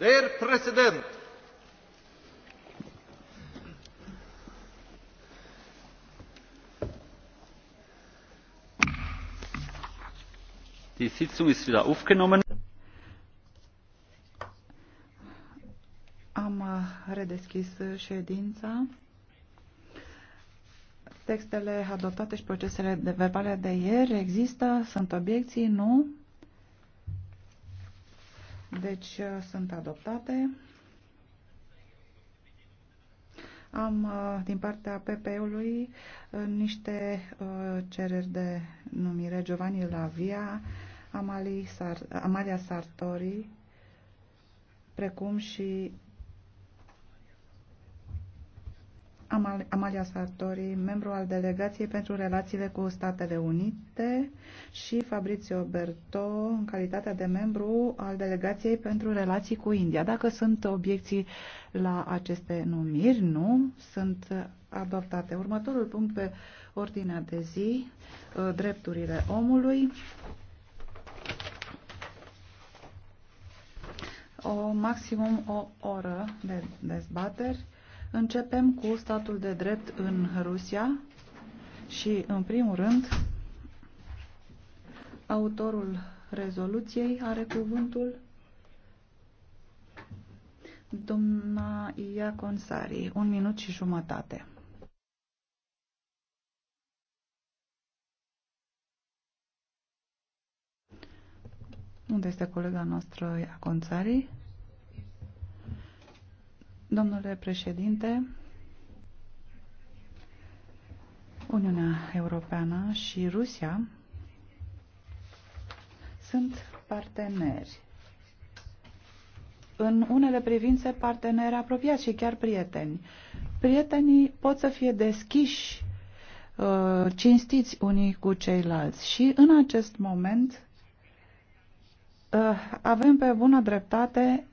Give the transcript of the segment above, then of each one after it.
Der Präsident! Die Sitzung ist wieder aufgenommen. Am uh, redeschis uh, ședința. Textele adoptate și procesele de verbale de ieri există? Sunt obiecții? Nu? Deci uh, sunt adoptate. Am uh, din partea PP-ului uh, niște cereri de numire Giovanni Lavia, Amalia Sartori, precum și Amalia Sartori, membru al delegației pentru relațiile cu Statele Unite și Fabrizio Berto, în calitatea de membru al delegației pentru relații cu India. Dacă sunt obiecții la aceste numiri, nu, sunt adoptate. Următorul punct pe ordinea de zi, uh, drepturile omului. O maximum o oră de dezbateri. Începem cu statul de drept în Rusia și, în primul rând, autorul rezoluției are cuvântul doamna Ia Consari, Un minut și jumătate. Unde este colega noastră Iacon Consari? Domnule președinte, Uniunea Europeană și Rusia sunt parteneri. În unele privințe, parteneri apropiați și chiar prieteni. Prietenii pot să fie deschiși, uh, cinstiți unii cu ceilalți și în acest moment uh, avem pe bună dreptate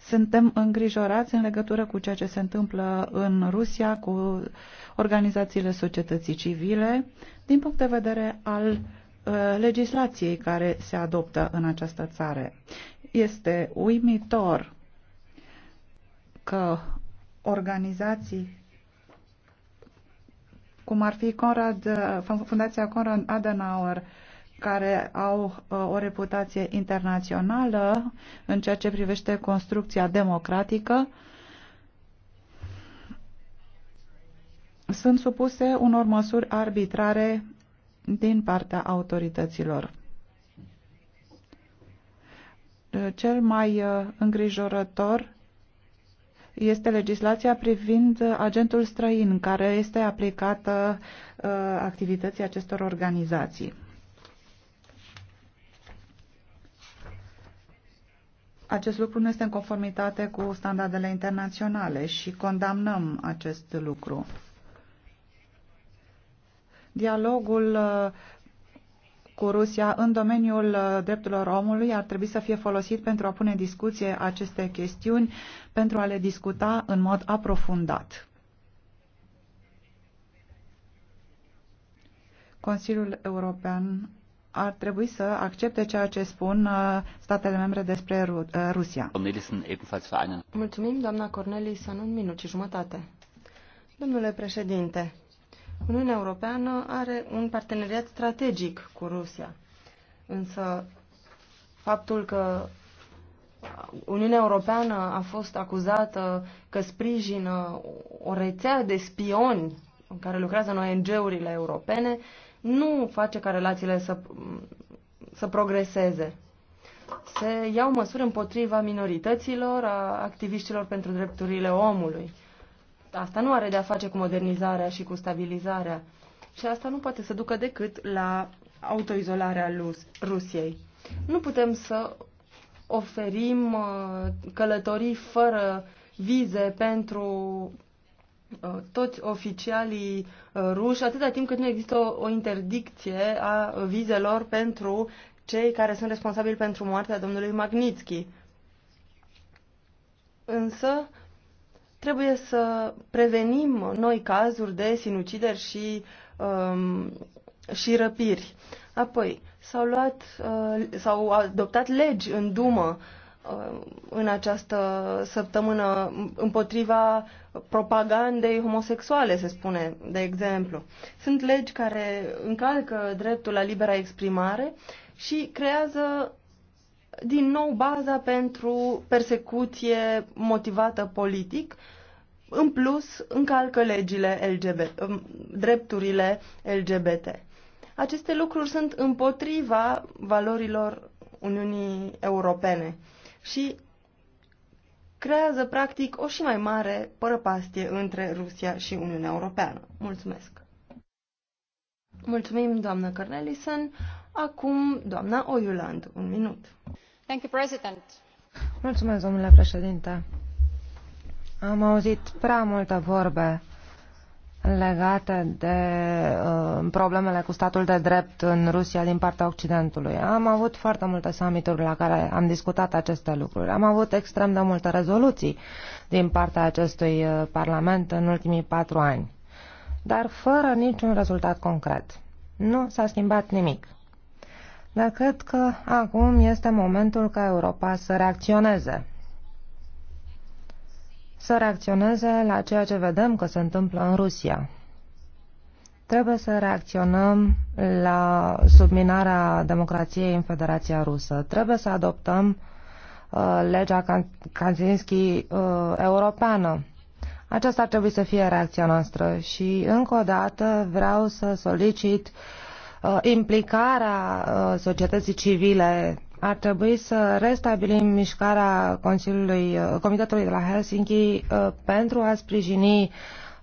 suntem îngrijorați în legătură cu ceea ce se întâmplă în Rusia, cu organizațiile societății civile, din punct de vedere al uh, legislației care se adoptă în această țară. Este uimitor că organizații cum ar fi Conrad, uh, Fundația Conrad Adenauer care au uh, o reputație internațională în ceea ce privește construcția democratică sunt supuse unor măsuri arbitrare din partea autorităților. Cel mai uh, îngrijorător este legislația privind agentul străin care este aplicată uh, activității acestor organizații. Acest lucru nu este în conformitate cu standardele internaționale și condamnăm acest lucru. Dialogul uh, cu Rusia în domeniul uh, drepturilor omului ar trebui să fie folosit pentru a pune în discuție aceste chestiuni, pentru a le discuta în mod aprofundat. Consiliul European ar trebui să accepte ceea ce spun uh, statele membre despre Ru uh, Rusia. Mulțumim, doamna Cornelis, în un minut și jumătate. Domnule președinte, Uniunea Europeană are un parteneriat strategic cu Rusia. Însă faptul că Uniunea Europeană a fost acuzată că sprijină o rețea de spioni în care lucrează în ONG-urile europene nu face ca relațiile să, să progreseze. Se iau măsuri împotriva minorităților, a activiștilor pentru drepturile omului. Asta nu are de a face cu modernizarea și cu stabilizarea. Și asta nu poate să ducă decât la autoizolarea Rusiei. Nu putem să oferim uh, călătorii fără vize pentru Uh, toți oficialii uh, ruși, atâta timp cât nu există o, o interdicție a vizelor pentru cei care sunt responsabili pentru moartea domnului Magnitsky. Însă, trebuie să prevenim noi cazuri de sinucideri și, um, și răpiri. Apoi, s-au luat, uh, s-au adoptat legi în Dumă uh, Uh, în această săptămână împotriva propagandei homosexuale, se spune, de exemplu. Sunt legi care încalcă dreptul la libera exprimare și creează din nou baza pentru persecuție motivată politic. În plus, încalcă legile LGBT, um, drepturile LGBT. Aceste lucruri sunt împotriva valorilor Uniunii Europene și creează practic o și mai mare părăpastie între Rusia și Uniunea Europeană. Mulțumesc! Mulțumim, doamnă Cornelison. Acum, doamna Oiuland, un minut. Thank you, President. Mulțumesc, domnule președinte. Am auzit prea multe vorbe legate de uh, problemele cu statul de drept în Rusia din partea Occidentului. Am avut foarte multe summituri la care am discutat aceste lucruri. Am avut extrem de multe rezoluții din partea acestui uh, Parlament în ultimii patru ani, dar fără niciun rezultat concret. Nu s-a schimbat nimic. Dar cred că acum este momentul ca Europa să reacționeze să reacționeze la ceea ce vedem că se întâmplă în Rusia. Trebuie să reacționăm la subminarea democrației în Federația Rusă. Trebuie să adoptăm uh, legea Kaczynski uh, europeană. Aceasta ar trebui să fie reacția noastră și încă o dată vreau să solicit uh, implicarea uh, societății civile ar trebui să restabilim mișcarea Consiliului, uh, Comitetului de la Helsinki uh, pentru a sprijini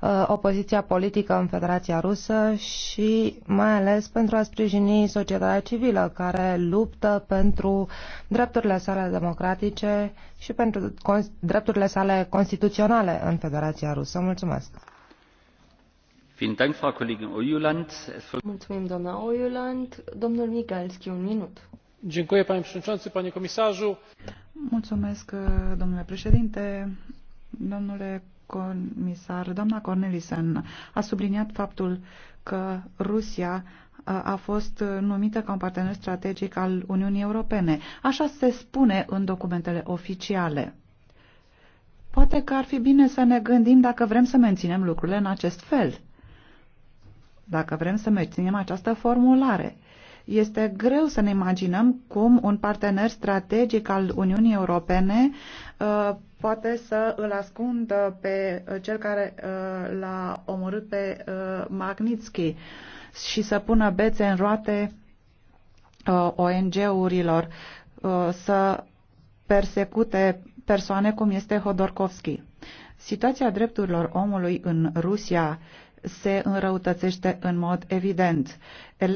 uh, opoziția politică în Federația Rusă și mai ales pentru a sprijini societatea civilă care luptă pentru drepturile sale democratice și pentru drepturile sale constituționale în Federația Rusă. Mulțumesc! Mulțumim, doamna Oiuland. Domnul Migalski, un minut domnule președinte domnule comisar doamna cornelissen a subliniat faptul că rusia uh, a fost uh, numită ca un partener strategic al uniunii europene așa se spune în documentele oficiale. poate că ar fi bine să ne gândim dacă vrem să menținem lucrurile în acest fel dacă vrem să menținem această formulare. Este greu să ne imaginăm cum un partener strategic al Uniunii Europene uh, poate să îl ascundă pe uh, cel care uh, l-a omorât pe Magnitsky și să pună bețe în roate ONG-urilor, să persecute persoane cum este Hodorkovski. Situația drepturilor omului în Rusia se înrăutățește în mod evident.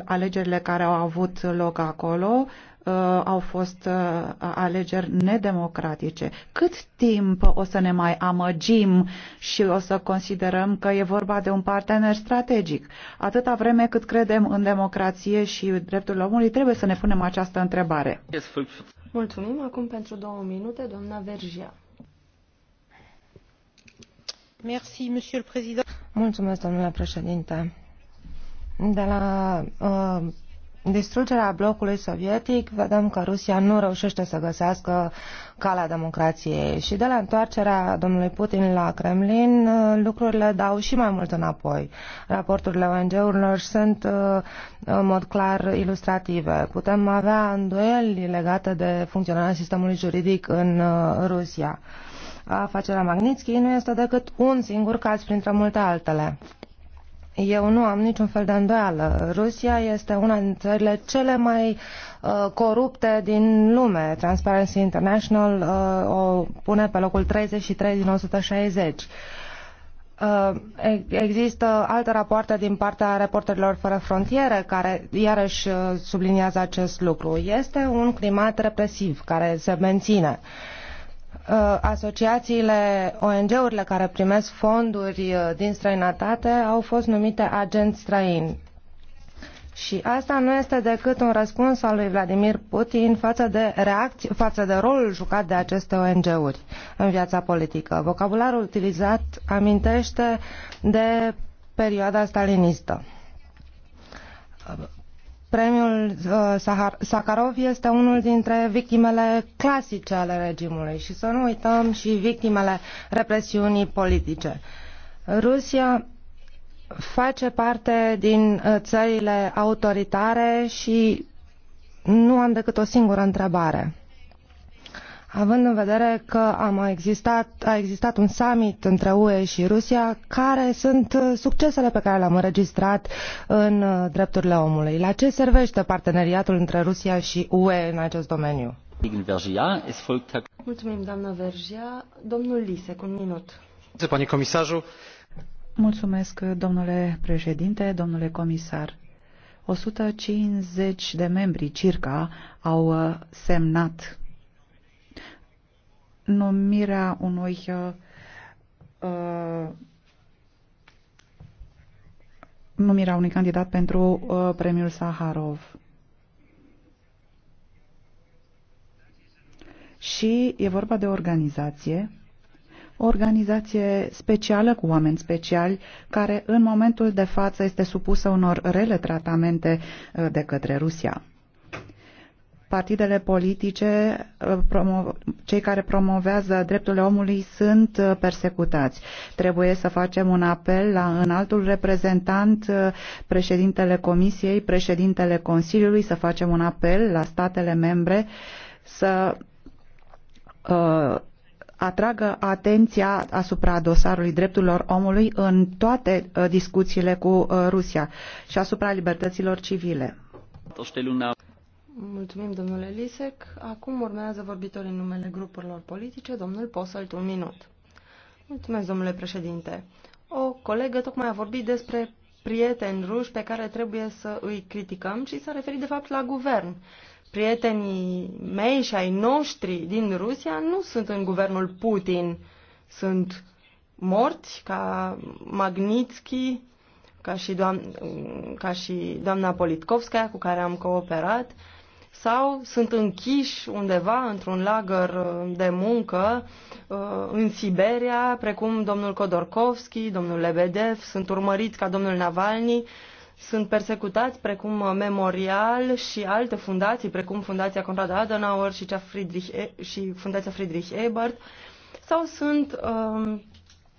Alegerile care au avut loc acolo uh, au fost uh, alegeri nedemocratice. Cât timp o să ne mai amăgim și o să considerăm că e vorba de un partener strategic? Atâta vreme cât credem în democrație și drepturile omului, trebuie să ne punem această întrebare. Mulțumim acum pentru două minute, doamna Vergia. Mulțumesc, De la uh, distrugerea blocului sovietic, vedem că Rusia nu reușește să găsească calea democrației și de la întoarcerea domnului Putin la Kremlin, uh, lucrurile dau și mai mult înapoi. Raporturile ONG-urilor sunt uh, în mod clar ilustrative. Putem avea îndoieli legate de funcționarea sistemului juridic în Rusia. Uh, afacerea Magnitsky nu este decât un singur caz printre multe altele. Eu nu am niciun fel de îndoială. Rusia este una din țările cele mai uh, corupte din lume. Transparency International uh, o pune pe locul 33 din 160. Uh, există alte rapoarte din partea Reporterilor Fără Frontiere care iarăși uh, subliniază acest lucru. Este un climat represiv care se menține. Uh, Uh, asociațiile, ONG-urile care primesc fonduri uh, din străinătate au fost numite agenți străini. Și asta nu este decât un răspuns al lui Vladimir Putin față de, reacții, față de rolul jucat de aceste ONG-uri în viața politică. Vocabularul utilizat amintește de perioada stalinistă Premiul uh, Sakharov este unul dintre victimele clasice ale regimului și să nu uităm și victimele represiunii politice. Rusia face parte din uh, țările autoritare și nu am decât o singură întrebare având în vedere că a existat, a existat un summit între UE și Rusia, care sunt uh, succesele pe care le-am înregistrat în uh, drepturile omului? La ce servește parteneriatul între Rusia și UE în acest domeniu? Mulțumim, doamna Vergia. Domnul Lisek, un minut. comisarul. Mulțumesc, domnule președinte, domnule comisar. 150 de membri circa au uh, semnat numirea unui uh, uh, numirea unui candidat pentru uh, premiul Saharov. Și e vorba de o organizație, o organizație specială cu oameni speciali, care în momentul de față este supusă unor rele tratamente uh, de către Rusia partidele politice, uh, cei care promovează drepturile omului sunt uh, persecutați. Trebuie să facem un apel la înaltul reprezentant, uh, președintele Comisiei, președintele Consiliului, să facem un apel la statele membre să uh, atragă atenția asupra dosarului drepturilor omului în toate discuțiile cu Rusia și asupra libertăților civile. Mulțumim, domnule Lisec. Acum urmează vorbitorii numele grupurilor politice. Domnul Posalt, un minut. Mulțumesc, domnule președinte. O colegă tocmai a vorbit despre prieteni ruși pe care trebuie să îi criticăm și s-a referit, de fapt, la guvern. Prietenii mei și ai noștri din Rusia nu sunt în guvernul Putin. Sunt morți ca Magnitsky, ca și, doam- ca și doamna Politkovskaya, cu care am cooperat, sau sunt închiși undeva într-un lagăr uh, de muncă uh, în Siberia, precum domnul Kodorkovski, domnul Lebedev, sunt urmăriți ca domnul Navalny, sunt persecutați precum uh, Memorial și alte fundații, precum Fundația Conrad Adenauer și, cea Friedrich e- și Fundația Friedrich Ebert, sau sunt um,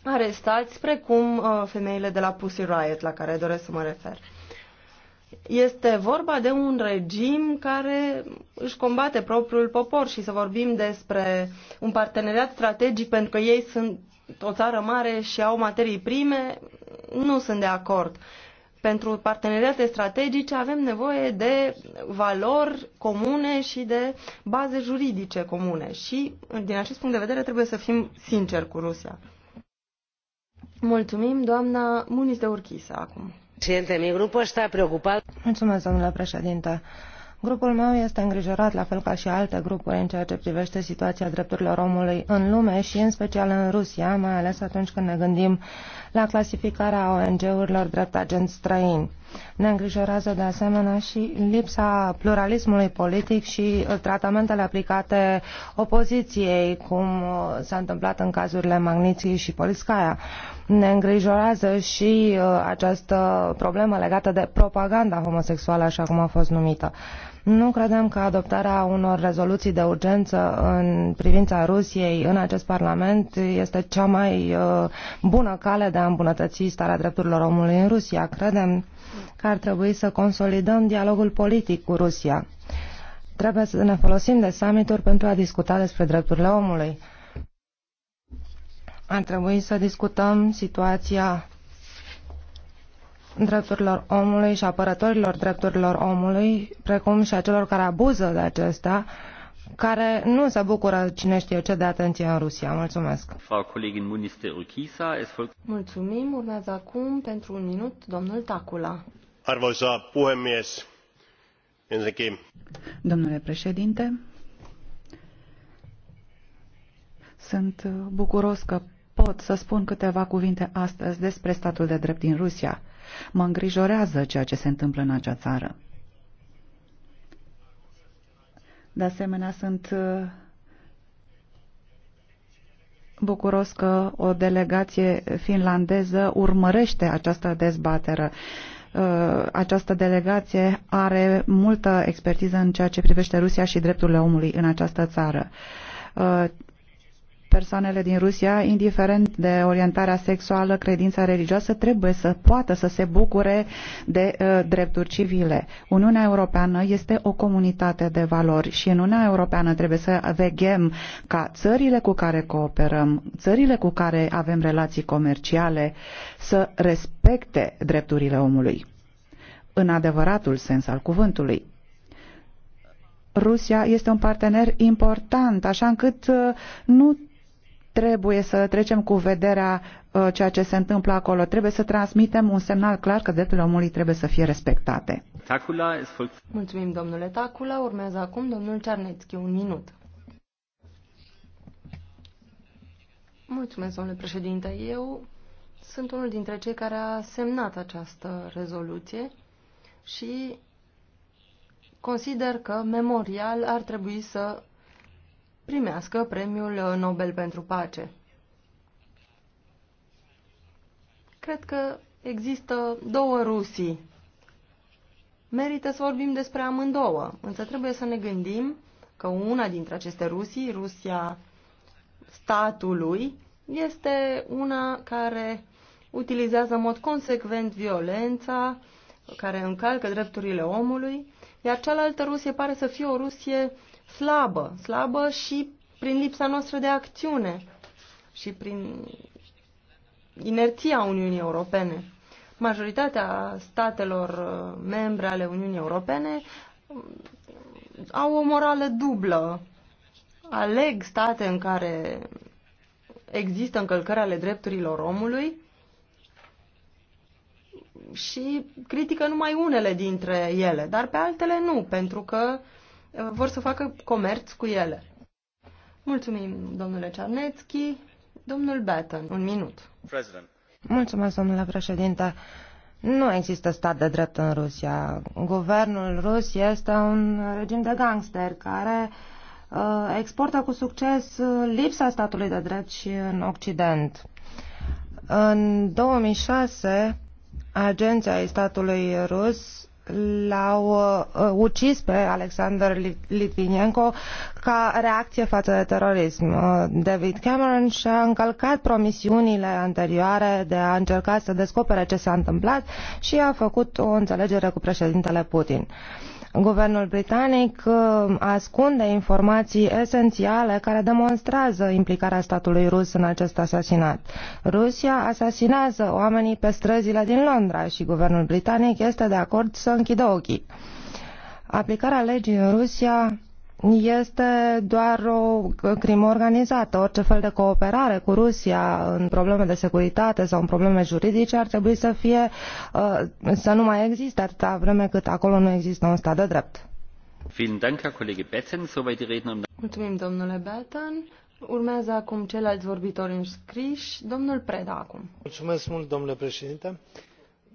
arestați precum uh, femeile de la Pussy Riot, la care doresc să mă refer. Este vorba de un regim care își combate propriul popor și să vorbim despre un parteneriat strategic pentru că ei sunt o țară mare și au materii prime, nu sunt de acord. Pentru parteneriate strategice avem nevoie de valori comune și de baze juridice comune și din acest punct de vedere trebuie să fim sinceri cu Rusia. Mulțumim, doamna Muniz de Urchisa, acum domnule președinte grupul meu este îngrijorat la fel ca și alte grupuri în ceea ce privește situația drepturilor omului în lume și în special în rusia mai ales atunci când ne gândim la clasificarea ong urilor drept agenți străini. Ne îngrijorează de asemenea și lipsa pluralismului politic și uh, tratamentele aplicate opoziției, cum uh, s-a întâmplat în cazurile Magniții și Poliscaia. Ne îngrijorează și uh, această problemă legată de propaganda homosexuală, așa cum a fost numită. Uh, nu credem că adoptarea unor rezoluții de urgență în privința Rusiei în acest Parlament este cea mai uh, bună cale de a îmbunătăți starea drepturilor omului în Rusia. Credem că ar trebui să consolidăm dialogul politic cu Rusia. Trebuie să ne folosim de summituri pentru a discuta despre drepturile omului. Ar trebui să discutăm situația drepturilor omului și apărătorilor drepturilor omului, precum și a celor care abuză de acesta, care nu se bucură cine știe ce de atenție în Rusia. Mulțumesc. Mulțumim. Urmează acum pentru un minut domnul Tacula. Arvoisa puhemies, ensinnäkin. Domnule președinte, sunt bucuros că pot să spun câteva cuvinte astăzi despre statul de drept din Rusia. Mă îngrijorează ceea ce se întâmplă în acea țară. De asemenea, sunt uh, bucuros că o delegație finlandeză urmărește această dezbatere. Uh, această delegație are multă expertiză în ceea ce privește Rusia și drepturile omului în această țară uh, persoanele din Rusia, indiferent de orientarea sexuală, credința religioasă, trebuie să poată să se bucure de uh, drepturi civile. Uniunea Europeană este o comunitate de valori și în Uniunea Europeană trebuie să veghem ca țările cu care cooperăm, țările cu care avem relații comerciale, să respecte drepturile omului. În adevăratul sens al cuvântului. Rusia este un partener important, așa încât uh, nu trebuie să trecem cu vederea uh, ceea ce se întâmplă acolo. Trebuie să transmitem un semnal clar că drepturile omului trebuie să fie respectate. Mulțumim, domnule Tacula. Urmează acum domnul Cernețchi. Un minut. Mulțumesc, domnule președinte. Eu sunt unul dintre cei care a semnat această rezoluție și consider că memorial ar trebui să primească premiul Nobel pentru pace. Cred că există două Rusii. Merită să vorbim despre amândouă, însă trebuie să ne gândim că una dintre aceste Rusii, Rusia statului, este una care utilizează în mod consecvent violența, care încalcă drepturile omului, iar cealaltă Rusie pare să fie o Rusie slabă, slabă și prin lipsa noastră de acțiune și prin inerția Uniunii Europene. Majoritatea statelor uh, membre ale Uniunii Europene uh, au o morală dublă. Aleg state în care există încălcări ale drepturilor omului și critică numai unele dintre ele, dar pe altele nu, pentru că uh, vor să facă comerț cu ele. Mulțumim, domnule Cernețchi. Domnul Batten, un minut. President. Mulțumesc, domnule președinte. Nu există stat de drept în Rusia. Guvernul rus este un regim de gangster care uh, exportă cu succes uh, lipsa statului de drept și în Occident. În 2006, agenția statului rus l-au uh, ucis pe Alexander Litvinenko ca reacție față de terorism. Uh, David Cameron și-a încălcat promisiunile anterioare de a încerca să descopere ce s-a întâmplat și a făcut o înțelegere cu președintele Putin. Uh, Guvernul britanic uh, ascunde informații esențiale care demonstrează implicarea statului rus în acest asasinat. Rusia asasinează oamenii pe străzile din Londra și guvernul britanic este de acord să închidă ochii. Aplicarea legii în Rusia este doar o crimă organizată. Orice fel de cooperare cu Rusia în probleme de securitate sau în probleme juridice ar trebui să fie uh, să nu mai existe atâta vreme cât acolo nu există un stat de drept. Mulțumim, domnule Betten. Urmează acum ceilalți vorbitori înscriși. Domnul Preda acum. Mulțumesc mult, domnule președinte.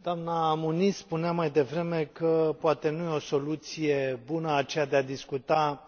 Doamna Muniz spunea mai devreme că poate nu e o soluție bună aceea de a discuta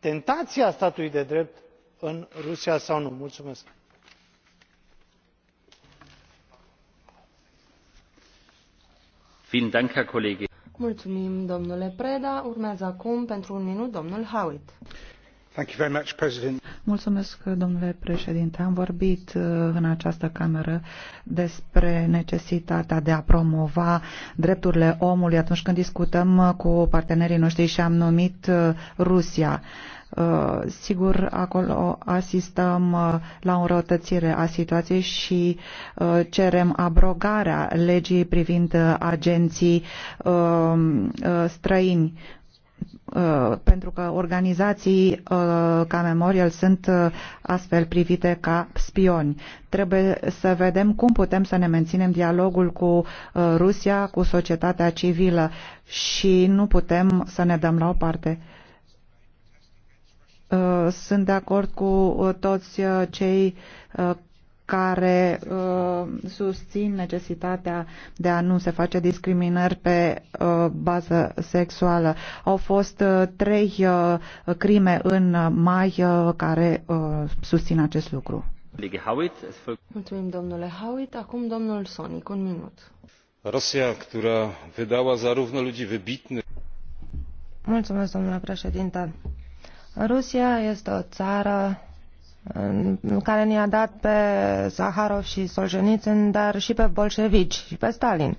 tentația statului de drept în rusia sau nu? mulțumesc. mulțumim domnule preda. urmează acum pentru un minut domnul howitt. Mulțumesc, domnule președinte. Am vorbit uh, în această cameră despre necesitatea de a promova drepturile omului atunci când discutăm uh, cu partenerii noștri și am numit uh, Rusia. Sigur, acolo asistăm la o înrăutățire a situației și cerem abrogarea legii privind agenții străini Uh, pentru că organizații uh, ca Memorial sunt uh, astfel privite ca spioni. Trebuie să vedem cum putem să ne menținem dialogul cu Rusia, cu societatea civilă și nu putem să ne dăm la o parte sunt de acord cu toți cei care uh, susțin necesitatea de a nu se face discriminări pe uh, bază sexuală. Au fost uh, trei uh, crime în mai uh, care uh, susțin acest lucru. Mulțumim, domnule Howitt. Acum domnul Sonic, un minut. Rosja, która wydała zarówno ludzi wybitnych... Mulțumesc, domnule președinte. Rusia este o țară care ne-a dat pe Zaharov și Solzhenitsyn, dar și pe bolșevici și pe Stalin.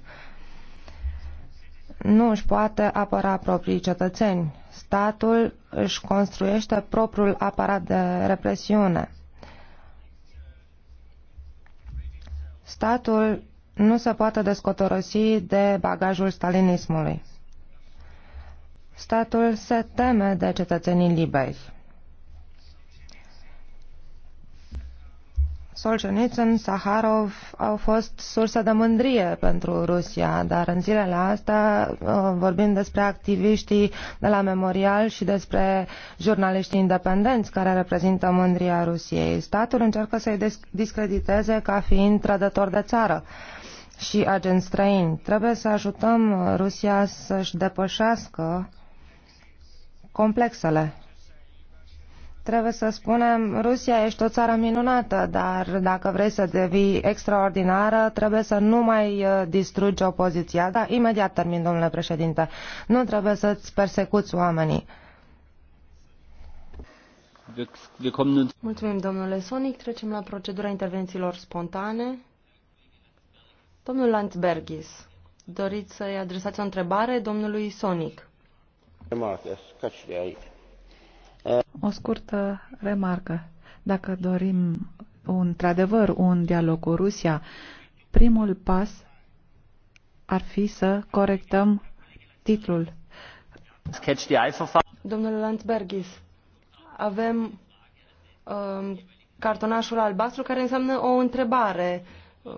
Nu își poate apăra proprii cetățeni. Statul își construiește propriul aparat de represiune. Statul nu se poate descotorosi de bagajul stalinismului. Statul se teme de cetățenii liberi Solzhenitsyn, Saharov au fost sursă de mândrie pentru Rusia, dar în zilele astea uh, vorbim despre activiștii de la Memorial și despre jurnaliștii independenți care reprezintă mândria Rusiei. Statul încearcă să-i discrediteze ca fiind trădător de țară și agenți străini. Trebuie să ajutăm Rusia să-și depășească complexele Trebuie să spunem, Rusia ești o țară minunată, dar dacă vrei să devii extraordinară, trebuie să nu mai uh, distrugi opoziția. Da, imediat termin, domnule președinte. Nu trebuie să-ți persecuți oamenii. Mulțumim, domnule Sonic. Trecem la procedura intervențiilor spontane. Domnul Landsbergis, doriți să-i adresați o întrebare domnului Sonic. Remarcă, aici. O scurtă remarcă. Dacă dorim într-adevăr un dialog cu Rusia, primul pas ar fi să corectăm titlul. Domnule Landsbergis, avem um, cartonașul albastru care înseamnă o întrebare uh,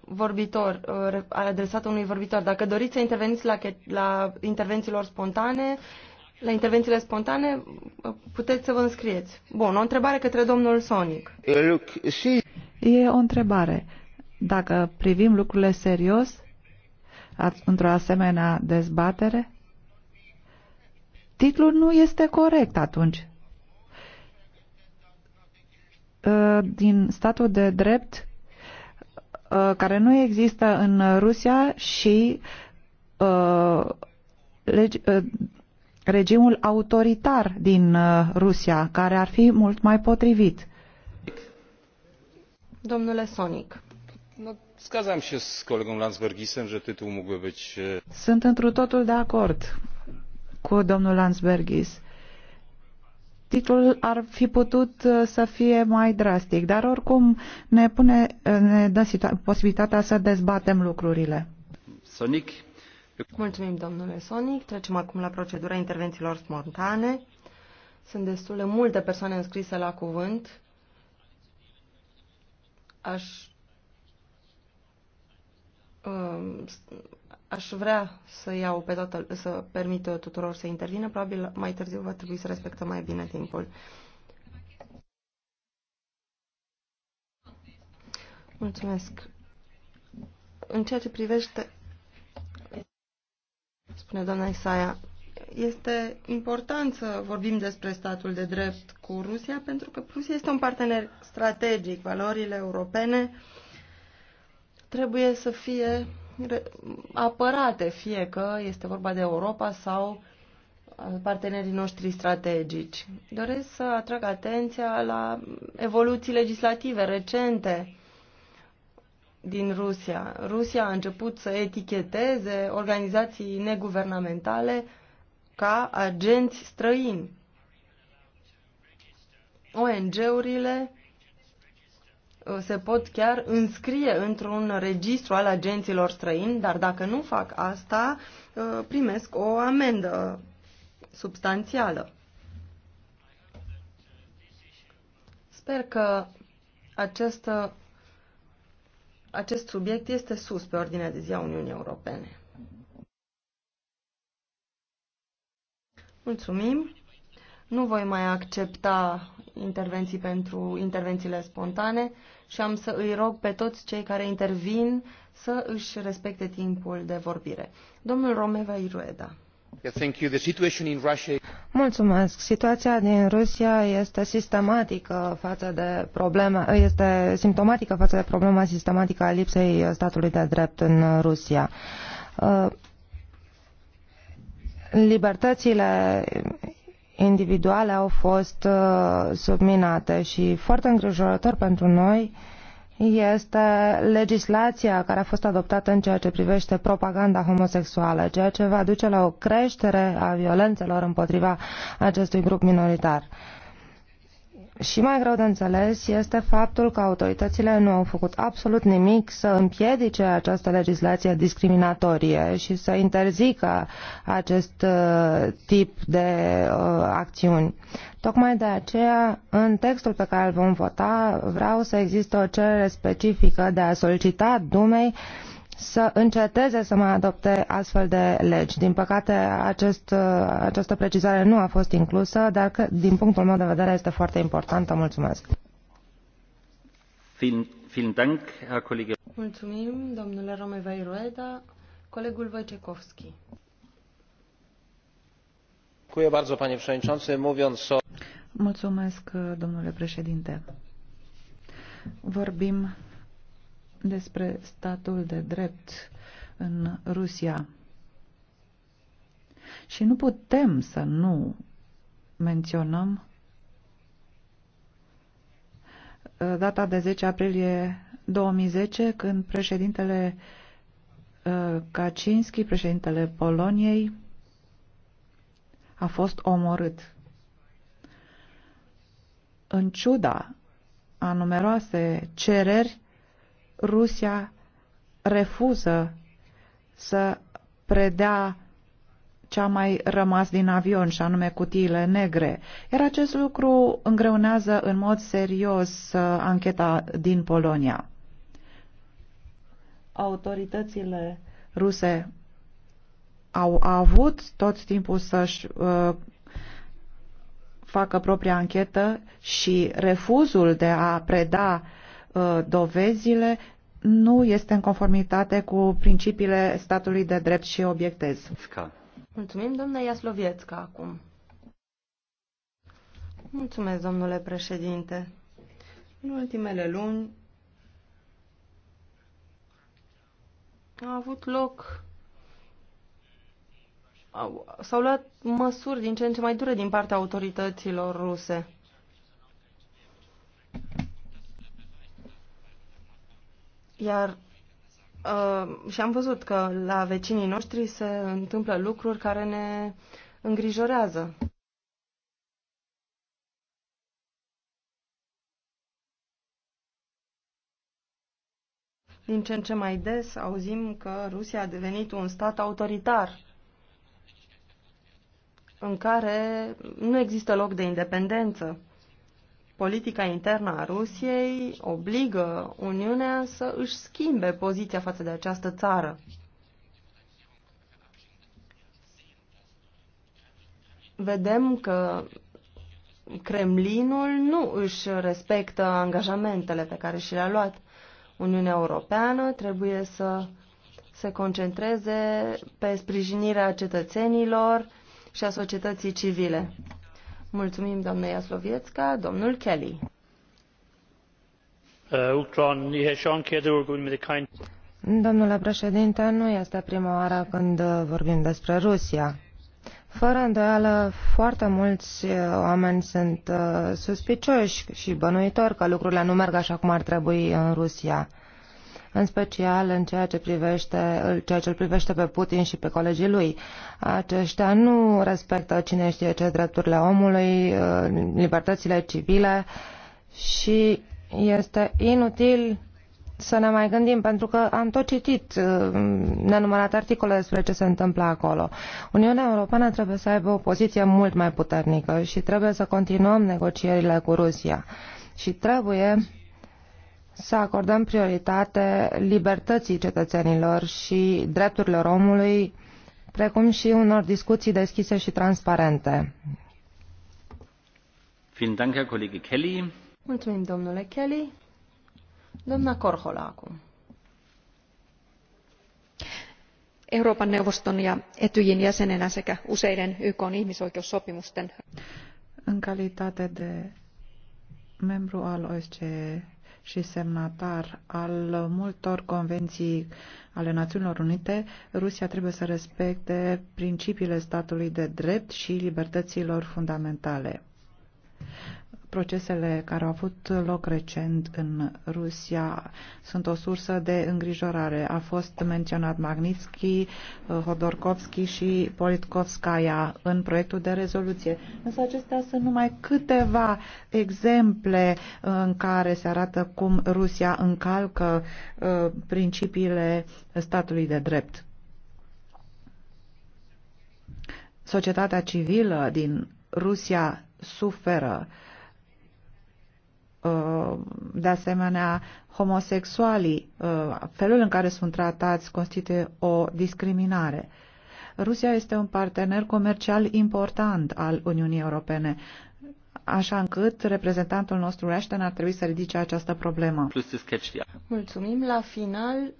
vorbitor, uh, adresată unui vorbitor. Dacă doriți să interveniți la, la intervențiilor spontane, la intervențiile spontane puteți să vă înscrieți. Bun, o întrebare către domnul Sonic. Eh, e o întrebare. Dacă privim lucrurile serios, într-o asemenea dezbatere, titlul nu este corect atunci. Eh, din statul de drept, eh, care nu există în Rusia și regimul autoritar din uh, Rusia, care ar fi mult mai potrivit. Domnule Sonic. No, zgadzam się z Landsbergisem, że tytuł mógłby być... Sunt întru totul de acord cu domnul Landsbergis. Titlul ar fi putut să fie mai drastic, dar oricum ne, pune, ne dă posibilitatea să dezbatem lucrurile. Sonic, Mulțumim, domnule Sonic. Trecem acum la procedura intervențiilor spontane. Sunt destule multe persoane înscrise la cuvânt. Aș, um, aș vrea să iau pe toată, să permit tuturor să intervină. Probabil mai târziu va trebui să respectăm mai bine timpul. Mulțumesc. În ceea ce privește spune doamna Isaia. Este important să vorbim despre statul de drept cu Rusia, pentru că Rusia este un partener strategic. Valorile europene trebuie să fie apărate, fie că este vorba de Europa sau uh, partenerii noștri strategici. Doresc să atrag atenția la evoluții legislative recente din Rusia. Rusia a început să eticheteze organizații neguvernamentale ca agenți străini. ONG-urile uh, se pot chiar înscrie într-un registru al agenților străini, dar dacă nu fac asta, uh, primesc o amendă substanțială. Sper că această acest subiect este sus pe ordinea de zi a Uniunii Europene. Mulțumim. Nu voi mai accepta intervenții pentru intervențiile spontane și am să îi rog pe toți cei care intervin să își respecte timpul de vorbire. Domnul Romeva Irueda. Mulțumesc. Situația din Rusia este sistematică față de problema, este simptomatică față de problema sistematică a lipsei statului de drept în Rusia. Uh, libertățile individuale au fost uh, subminate și foarte îngrijorător pentru noi este legislația care a fost adoptată în ceea ce privește propaganda homosexuală, ceea ce va duce la o creștere a violențelor împotriva acestui grup minoritar. Și mai greu de înțeles este faptul că autoritățile nu au făcut absolut nimic să împiedice această legislație discriminatorie și să interzică acest uh, tip de uh, acțiuni. Tocmai de aceea, în textul pe care îl vom vota, vreau să existe o cerere specifică de a solicita Dumei uh, să înceteze să mai adopte astfel de legi. Din păcate, acest, această precizare nu a fost inclusă, dar că, din punctul meu de vedere este foarte importantă. Mulțumesc. Mulțumim, domnule Romevei Rueda. Colegul Wojciechowski. Mulțumesc, domnule președinte. Vorbim despre statul de drept în Rusia. Și nu putem să nu menționăm uh, data de 10 aprilie 2010, când președintele uh, Kaczynski, președintele Poloniei, a fost omorât. În ciuda a numeroase cereri Rusia refuză să predea ce a mai rămas din avion, și anume cutiile negre. Iar acest lucru îngreunează în mod serios uh, ancheta din Polonia. Autoritățile ruse au avut tot timpul să-și uh, facă propria anchetă și refuzul de a preda uh, Uh, dovezile nu este în conformitate cu principiile statului de drept și obiectez. Mulțumim, domnule Iasloviețca, acum. Mulțumesc, domnule președinte. În ultimele luni a avut loc s-au luat măsuri din ce în ce mai dure din partea autorităților ruse. Iar uh, și am văzut că la vecinii noștri se întâmplă lucruri care ne îngrijorează. Din ce în ce mai des auzim că Rusia a devenit un stat autoritar în care nu există loc de independență politica internă a Rusiei obligă Uniunea să își schimbe poziția față de această țară. Vedem că Kremlinul nu își respectă angajamentele pe care și le-a luat. Uniunea Europeană trebuie să se concentreze pe sprijinirea cetățenilor și a societății civile. Mulțumim, doamnei Asloviețca. Domnul Kelly. Uh, Domnule președinte, nu este prima oară când uh, vorbim despre Rusia. Fără îndoială, foarte mulți uh, oameni sunt suspicioși și bănuitori că lucrurile nu merg așa cum ar trebui în Rusia în special în ceea ce privește, ceea ce îl privește pe Putin și pe colegii lui. Aceștia nu respectă cine știe ce drepturile omului, uh, libertățile civile și este inutil să ne mai gândim, pentru că am tot citit uh, nenumărate articole despre ce se întâmplă acolo. Uniunea Europeană trebuie să aibă o poziție mult mai puternică și trebuie să continuăm negocierile cu Rusia. Și trebuie să acordăm prioritate libertății cetățenilor și drepturilor omului, precum și unor discuții deschise și transparente. Mulțumim, domnule Kelly. Doamna Corhola acum. Euroopan neuvoston ja Etyjin jäsenenä sekä useiden YKn ihmisoikeussopimusten în calitate de membru al OSCE și semnatar al multor convenții ale Națiunilor Unite, Rusia trebuie să respecte principiile statului de drept și libertăților fundamentale. Procesele care au avut loc recent în Rusia sunt o sursă de îngrijorare. A fost menționat Magnitsky, uh, Hodorkovski și Politkovskaya în proiectul de rezoluție. Însă acestea sunt numai câteva exemple uh, în care se arată cum Rusia încalcă uh, principiile statului de drept. Societatea civilă din Rusia suferă uh, de asemenea homosexualii, uh, felul în care sunt tratați constituie o discriminare. Rusia este un partener comercial important al Uniunii Europene, așa încât reprezentantul nostru Ashton ar trebui să ridice această problemă. Mulțumim. La final,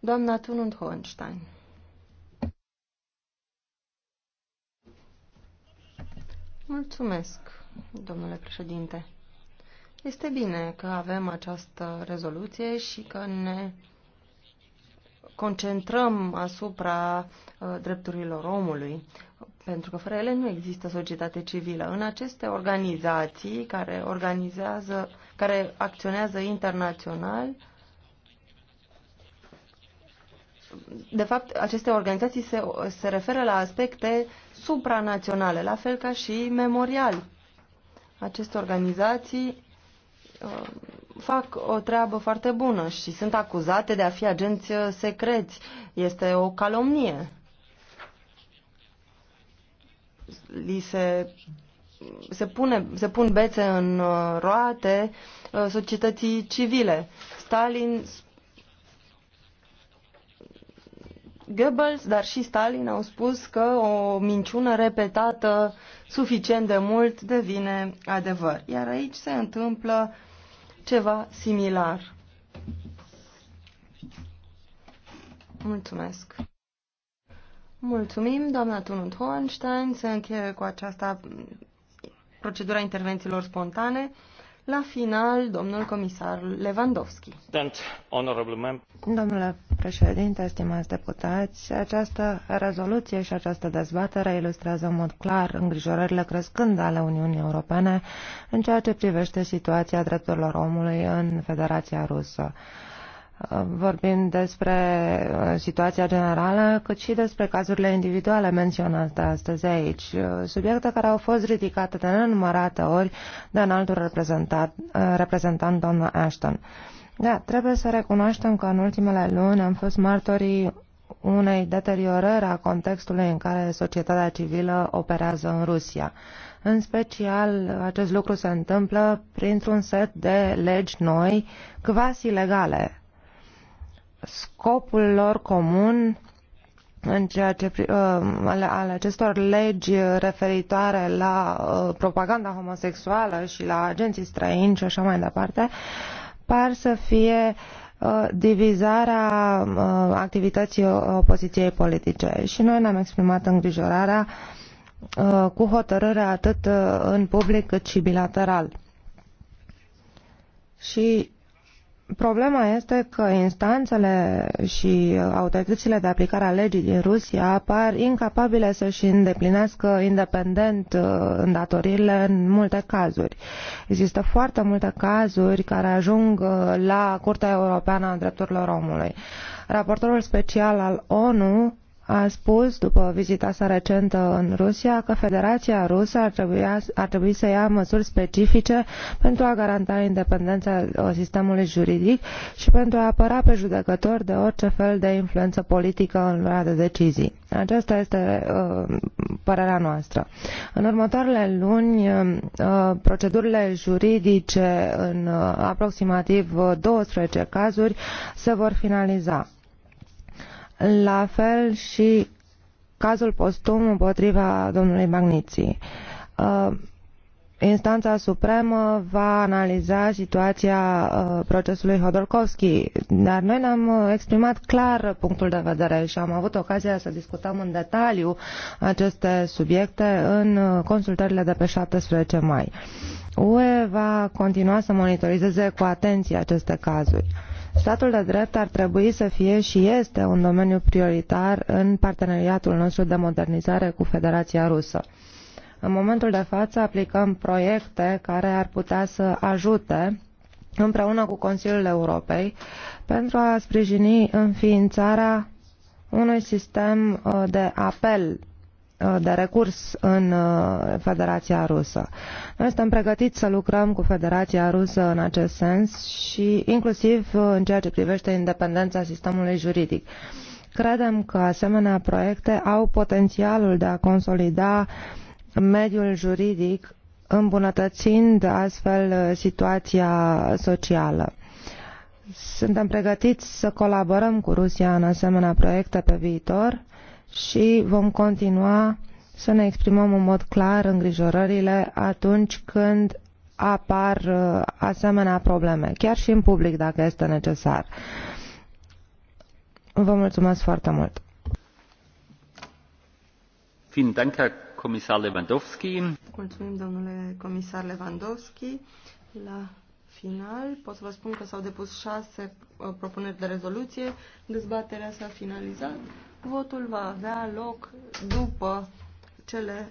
doamna Tunund Hohenstein. Mulțumesc, domnule președinte. Este bine că avem această rezoluție și că ne concentrăm asupra uh, drepturilor omului, pentru că fără ele nu există societate civilă. În aceste organizații care, organizează, care acționează internațional, de fapt, aceste organizații se, se referă la aspecte supranaționale, la fel ca și memorial. Aceste organizații fac o treabă foarte bună și sunt acuzate de a fi agenți secreți. Este o calomnie. Li se, se, pune, se pun bețe în uh, roate uh, societății civile. Stalin Goebbels, dar și Stalin au spus că o minciună repetată suficient de mult devine adevăr. Iar aici se întâmplă ceva similar. Mulțumesc. Mulțumim, doamna Tunut Hohenstein. Se încheie cu aceasta procedura intervențiilor spontane. La final, domnul comisar Lewandowski. Domnule președinte, stimați deputați, această rezoluție și această dezbatere ilustrează în mod clar îngrijorările crescând ale Uniunii Europene în ceea ce privește situația drepturilor omului în Federația Rusă vorbim despre uh, situația generală, cât și despre cazurile individuale menționate astăzi aici, subiecte care au fost ridicate de nenumărate ori de înaltul uh, reprezentant, reprezentant domnul Ashton. Da, trebuie să recunoaștem că în ultimele luni am fost martorii unei deteriorări a contextului în care societatea civilă operează în Rusia. În special, acest lucru se întâmplă printr-un set de legi noi, quasi legale. Scopul lor comun în ceea ce, uh, ale, ale acestor legi referitoare la uh, propaganda homosexuală și la agenții străini și așa mai departe, uh, par să fie uh, divizarea uh, activității uh, opoziției politice. Și noi ne-am exprimat îngrijorarea cu hotărâre atât în public cât și bilateral. Și Problema este că instanțele și autoritățile de aplicare a legii din Rusia apar incapabile să-și îndeplinească independent uh, îndatoririle în multe cazuri. Există foarte multe cazuri care ajung uh, la Curtea Europeană a Drepturilor Omului. Raportorul special al ONU a spus, după vizita sa recentă în Rusia, că Federația Rusă ar trebui, ar trebui să ia măsuri specifice pentru a garanta independența uh, sistemului juridic și pentru a apăra pe judecători de orice fel de influență politică în luarea de decizii. Aceasta este uh, părerea noastră. În următoarele luni, uh, uh procedurile juridice în uh, aproximativ 12 uh, cazuri se vor finaliza la fel și cazul postum împotriva domnului Magniții. Uh, instanța Supremă va analiza situația uh, procesului Hodorkovski, dar noi ne-am uh, exprimat clar punctul de vedere și am avut ocazia să discutăm în detaliu aceste subiecte în consultările de pe 17 mai. UE va continua să monitorizeze cu atenție aceste cazuri. Statul de drept ar trebui să fie și este un domeniu prioritar în parteneriatul nostru de modernizare cu Federația Rusă. În momentul de față aplicăm proiecte care ar putea să ajute împreună cu Consiliul Europei pentru a sprijini înființarea unui sistem uh, de apel Uh, de recurs în uh, Federația Rusă. Noi suntem pregătiți să lucrăm cu Federația Rusă în acest sens și inclusiv uh, în ceea ce privește independența sistemului juridic. Credem că asemenea proiecte au potențialul de a consolida mediul juridic îmbunătățind astfel situația socială. Suntem pregătiți să colaborăm cu Rusia în asemenea proiecte pe viitor și vom continua să ne exprimăm în mod clar îngrijorările atunci când apar uh, asemenea probleme, chiar și în public dacă este necesar. Vă mulțumesc foarte mult. Mulțumim, domnule comisar Lewandowski. La final pot să vă spun că s-au depus șase uh, propuneri de rezoluție. Dezbaterea s-a finalizat. Votul va avea loc după cele